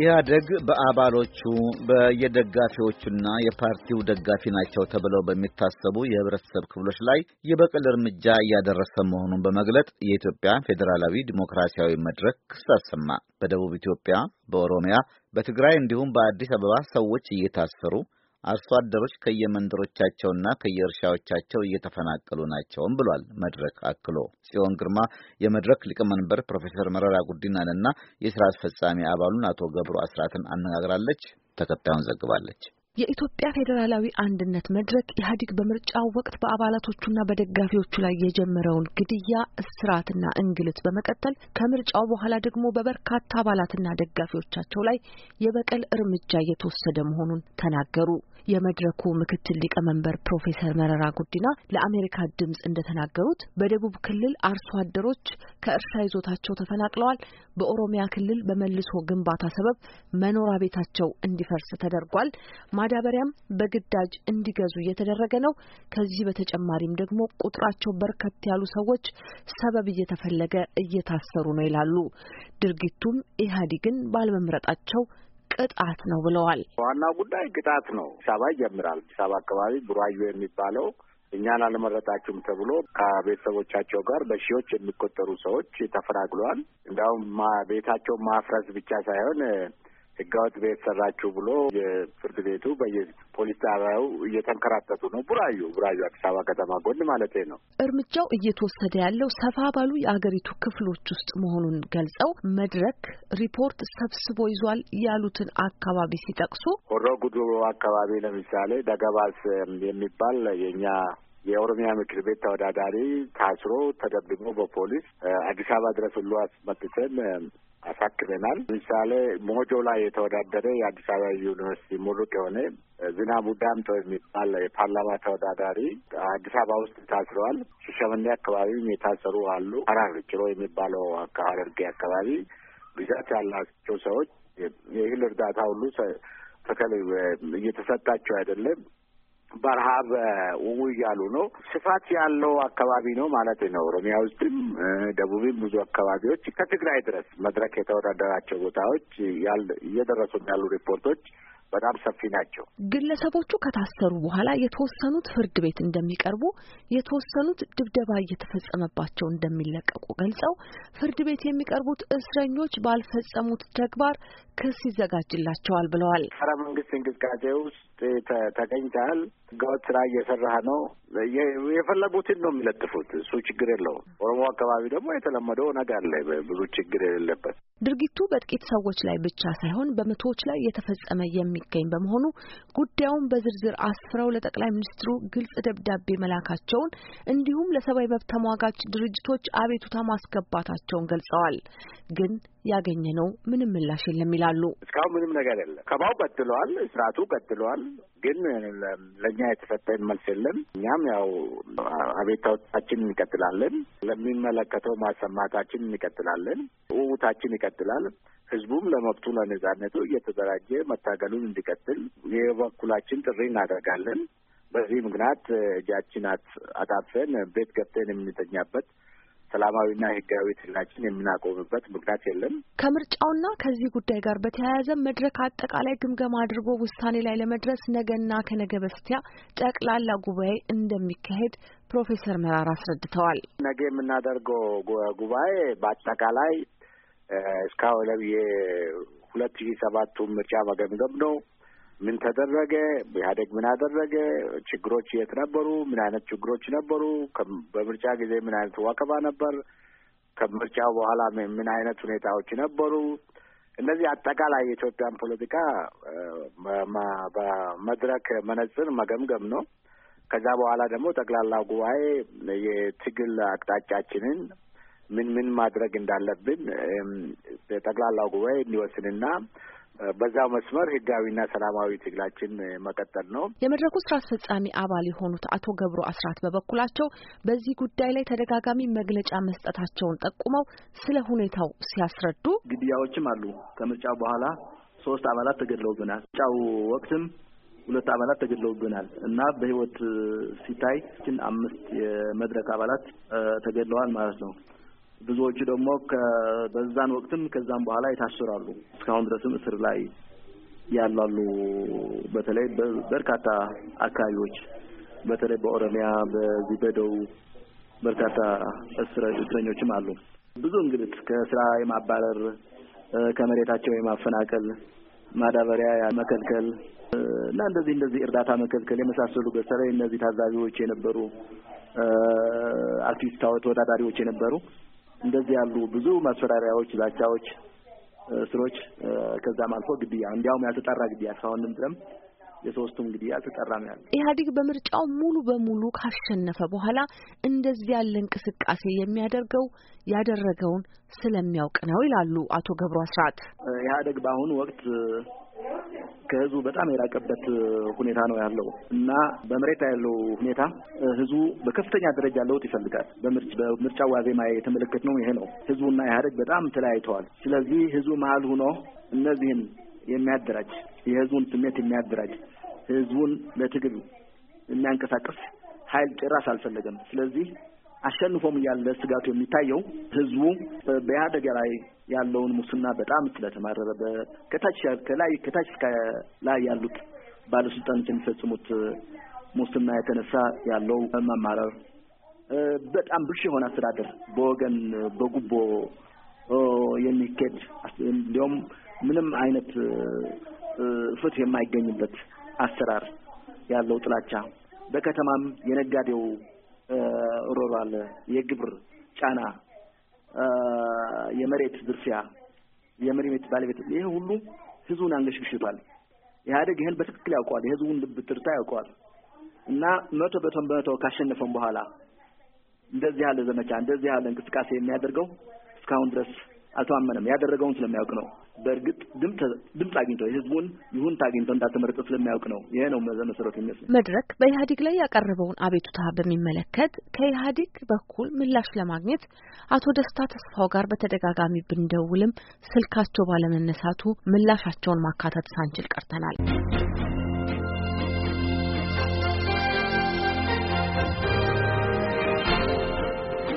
ኢህአደግ በአባሎቹ በየደጋፊዎቹና የፓርቲው ደጋፊ ናቸው ተብለው በሚታሰቡ የህብረተሰብ ክፍሎች ላይ የበቀል እርምጃ እያደረሰ መሆኑን በመግለጥ የኢትዮጵያ ፌዴራላዊ ዲሞክራሲያዊ መድረክ ክስ አሰማ። በደቡብ ኢትዮጵያ፣ በኦሮሚያ፣ በትግራይ እንዲሁም በአዲስ አበባ ሰዎች እየታሰሩ አርሶ አደሮች ከየመንደሮቻቸውና ከየእርሻዎቻቸው እየተፈናቀሉ ናቸውም ብሏል መድረክ አክሎ። ጽዮን ግርማ የመድረክ ሊቀመንበር ፕሮፌሰር መረራ ጉዲናንና የስራ አስፈጻሚ አባሉን አቶ ገብሩ አስራትን አነጋግራለች። ተከታዩን ዘግባለች። የኢትዮጵያ ፌዴራላዊ አንድነት መድረክ ኢህአዲግ በምርጫው ወቅት በአባላቶቹና በደጋፊዎቹ ላይ የጀመረውን ግድያ፣ እስራትና እንግልት በመቀጠል ከምርጫው በኋላ ደግሞ በበርካታ አባላትና ደጋፊዎቻቸው ላይ የበቀል እርምጃ እየተወሰደ መሆኑን ተናገሩ። የመድረኩ ምክትል ሊቀመንበር ፕሮፌሰር መረራ ጉዲና ለአሜሪካ ድምፅ እንደተናገሩት በደቡብ ክልል አርሶ አደሮች ከእርሻ ይዞታቸው ተፈናቅለዋል። በኦሮሚያ ክልል በመልሶ ግንባታ ሰበብ መኖሪያ ቤታቸው እንዲፈርስ ተደርጓል። ማዳበሪያም በግዳጅ እንዲገዙ እየተደረገ ነው። ከዚህ በተጨማሪም ደግሞ ቁጥራቸው በርከት ያሉ ሰዎች ሰበብ እየተፈለገ እየታሰሩ ነው ይላሉ። ድርጊቱም ኢህአዴግን ባለመምረጣቸው ቅጣት ነው ብለዋል። ዋናው ጉዳይ ቅጣት ነው። አዲስ አበባ ይጀምራል። አዲስ አበባ አካባቢ ቡራዩ የሚባለው እኛን አልመረጣችሁም ተብሎ ከቤተሰቦቻቸው ጋር በሺዎች የሚቆጠሩ ሰዎች ተፈናቅለዋል። እንዲያውም ቤታቸው ማፍረስ ብቻ ሳይሆን ህጋወጥ ቤት ሰራችሁ ብሎ የፍርድ ቤቱ በየፖሊስ ጣቢያው እየተንከራተቱ ነው። ቡራዩ ቡራዩ አዲስ አበባ ከተማ ጎን ማለት ነው። እርምጃው እየተወሰደ ያለው ሰፋ ባሉ የአገሪቱ ክፍሎች ውስጥ መሆኑን ገልጸው መድረክ ሪፖርት ሰብስቦ ይዟል ያሉትን አካባቢ ሲጠቅሱ ሆሮ ጉድሩ አካባቢ ለምሳሌ ደገባስ የሚባል የእኛ የኦሮሚያ ምክር ቤት ተወዳዳሪ ታስሮ ተደብድቦ በፖሊስ አዲስ አበባ ድረስ ሁሉ አስመጥተን አሳክበናል። ለምሳሌ ሞጆ ላይ የተወዳደረ የአዲስ አበባ ዩኒቨርሲቲ ምሩቅ የሆነ ዝናቡ ዳምጦ የሚባል የፓርላማ ተወዳዳሪ አዲስ አበባ ውስጥ ታስረዋል። ሻሸመኔ አካባቢም የታሰሩ አሉ። ሀራር ጭሮ የሚባለው ሐረርጌ አካባቢ ብዛት ያላቸው ሰዎች ይህል እርዳታ ሁሉ ተከል እየተሰጣቸው አይደለም። በረሃብ ውው እያሉ ነው። ስፋት ያለው አካባቢ ነው ማለት ነው። ኦሮሚያ ውስጥም ደቡብም ብዙ አካባቢዎች ከትግራይ ድረስ መድረክ የተወዳደራቸው ቦታዎች እየደረሱ ያሉ ሪፖርቶች በጣም ሰፊ ናቸው። ግለሰቦቹ ከታሰሩ በኋላ የተወሰኑት ፍርድ ቤት እንደሚቀርቡ፣ የተወሰኑት ድብደባ እየተፈጸመባቸው እንደሚለቀቁ ገልጸው ፍርድ ቤት የሚቀርቡት እስረኞች ባልፈጸሙት ተግባር ክስ ይዘጋጅላቸዋል ብለዋል። ጸረ መንግስት እንቅስቃሴ ውስጥ ተገኝተሃል፣ ህገወጥ ስራ እየሰራህ ነው። የፈለጉትን ነው የሚለጥፉት። እሱ ችግር የለውም። ኦሮሞ አካባቢ ደግሞ የተለመደው ነገ አለ፣ ብዙ ችግር የሌለበት። ድርጊቱ በጥቂት ሰዎች ላይ ብቻ ሳይሆን በመቶዎች ላይ የተፈጸመ የሚገኝ በመሆኑ ጉዳዩን በዝርዝር አስፍረው ለጠቅላይ ሚኒስትሩ ግልጽ ደብዳቤ መላካቸውን እንዲሁም ለሰብአዊ መብት ተሟጋች ድርጅቶች አቤቱታ ማስገባታቸውን ገልጸዋል ግን ያገኘ ነው ምንም ምላሽ የለም ይላሉ። እስካሁን ምንም ነገር የለም። ከባው ቀጥለዋል፣ ስርዓቱ ቀጥለዋል። ግን ለእኛ የተሰጠን መልስ የለም። እኛም ያው አቤታዎቻችን እንቀጥላለን፣ ለሚመለከተው ማሰማታችን እንቀጥላለን፣ ውውታችን ይቀጥላል። ህዝቡም ለመብቱ ለነጻነቱ እየተደራጀ መታገሉን እንዲቀጥል የበኩላችን ጥሪ እናደርጋለን። በዚህ ምክንያት እጃችን አጣጥፈን ቤት ገብተን የምንተኛበት ሰላማዊና ህጋዊ ትግላችን የምናቆምበት ምክንያት የለም። ከምርጫውና ከዚህ ጉዳይ ጋር በተያያዘ መድረክ አጠቃላይ ግምገማ አድርጎ ውሳኔ ላይ ለመድረስ ነገና ከነገ በስቲያ ጠቅላላ ጉባኤ እንደሚካሄድ ፕሮፌሰር መራር አስረድተዋል። ነገ የምናደርገው ጉባኤ በአጠቃላይ እስካሁን ሁለት ሺህ ሰባቱ ምርጫ መገምገም ነው። ምን ተደረገ፣ ኢህአዴግ ምን አደረገ፣ ችግሮች የት ነበሩ፣ ምን አይነት ችግሮች ነበሩ፣ በምርጫ ጊዜ ምን አይነት ዋከባ ነበር፣ ከምርጫው በኋላ ምን አይነት ሁኔታዎች ነበሩ። እነዚህ አጠቃላይ የኢትዮጵያን ፖለቲካ በመድረክ መነጽር መገምገም ነው። ከዛ በኋላ ደግሞ ጠቅላላ ጉባኤ የትግል አቅጣጫችንን ምን ምን ማድረግ እንዳለብን ጠቅላላው ጉባኤ እንዲወስንና በዛው መስመር ህጋዊና ሰላማዊ ትግላችን መቀጠል ነው። የመድረኩ ስራ አስፈጻሚ አባል የሆኑት አቶ ገብሩ አስራት በበኩላቸው በዚህ ጉዳይ ላይ ተደጋጋሚ መግለጫ መስጠታቸውን ጠቁመው ስለ ሁኔታው ሲያስረዱ ግድያዎችም አሉ። ከምርጫው በኋላ ሶስት አባላት ተገድለውብናል። ምርጫው ወቅትም ሁለት አባላት ተገድለውብናል እና በህይወት ሲታይ አምስት የመድረክ አባላት ተገድለዋል ማለት ነው። ብዙዎቹ ደግሞ በዛን ወቅትም ከዛም በኋላ ይታስራሉ። እስካሁን ድረስም እስር ላይ ያላሉ በተለይ በርካታ አካባቢዎች በተለይ በኦሮሚያ በዚህ በደቡብ በርካታ እስረኞችም አሉ። ብዙ እንግዲህ ከስራ የማባረር ከመሬታቸው የማፈናቀል ማዳበሪያ መከልከል እና እንደዚህ እንደዚህ እርዳታ መከልከል የመሳሰሉ በተለይ እነዚህ ታዛቢዎች የነበሩ አርቲስታው ተወዳዳሪዎች የነበሩ እንደዚህ ያሉ ብዙ ማስፈራሪያዎች፣ ዛቻዎች፣ ስሮች ከዛም አልፎ ግድያ እንዲያውም ያልተጣራ ግድያ እስካሁንም ድረም የሶስቱም እንግዲህ ያልተጠራ ነው ያለ። ኢህአዴግ በምርጫው ሙሉ በሙሉ ካሸነፈ በኋላ እንደዚህ ያለ እንቅስቃሴ የሚያደርገው ያደረገውን ስለሚያውቅ ነው ይላሉ አቶ ገብሩ አስራት። ኢህአዴግ በአሁኑ ወቅት ከህዝቡ በጣም የራቀበት ሁኔታ ነው ያለው እና በመሬት ያለው ሁኔታ ህዝቡ በከፍተኛ ደረጃ ለውጥ ይፈልጋል። በምርጫ ዋዜማ ነው ይሄ ነው። ህዝቡና ኢህአደግ በጣም ተለያይተዋል። ስለዚህ ህዝቡ መሀል ሆኖ እነዚህን የሚያደራጅ የህዝቡን ስሜት የሚያደራጅ ህዝቡን ለትግል የሚያንቀሳቅስ ኃይል ጭራሽ አልፈለገም። ስለዚህ አሸንፎም እያለ ስጋቱ የሚታየው ህዝቡ በኢህአደግ ላይ ያለውን ሙስና በጣም ስለተማረረ ከታች ከላይ ከታች እስከ ላይ ያሉት ባለስልጣኖች የሚፈጽሙት ሙስና የተነሳ ያለው መማረር በጣም ብልሹ የሆነ አስተዳደር በወገን በጉቦ የሚኬድ እንዲሁም ምንም አይነት ፍትህ የማይገኝበት አሰራር ያለው ጥላቻ በከተማም የነጋዴው ሮባል የግብር ጫና፣ የመሬት ዝርፊያ፣ የመሬት ባለቤት ይሄ ሁሉ ህዝቡን አንገሽግሽቷል። ኢህአዴግ ይህን በትክክል ያውቀዋል። የህዝቡን ልብ ትርታ ያውቀዋል። እና መቶ በቶ በመቶ ካሸነፈም በኋላ እንደዚህ ያለ ዘመቻ እንደዚህ ያለ እንቅስቃሴ የሚያደርገው እስካሁን ድረስ አልተማመነም። ያደረገውን ስለሚያውቅ ነው። በእርግጥ ድምፅ አግኝተው የህዝቡን ይሁን ታግኝተው እንዳልተመረጠ ስለሚያውቅ ነው። ይሄ ነው መሰረቱ የሚመስለው። መድረክ በኢህአዴግ ላይ ያቀረበውን አቤቱታ በሚመለከት ከኢህአዴግ በኩል ምላሽ ለማግኘት አቶ ደስታ ተስፋው ጋር በተደጋጋሚ ብንደውልም ስልካቸው ባለመነሳቱ ምላሻቸውን ማካተት ሳንችል ቀርተናል።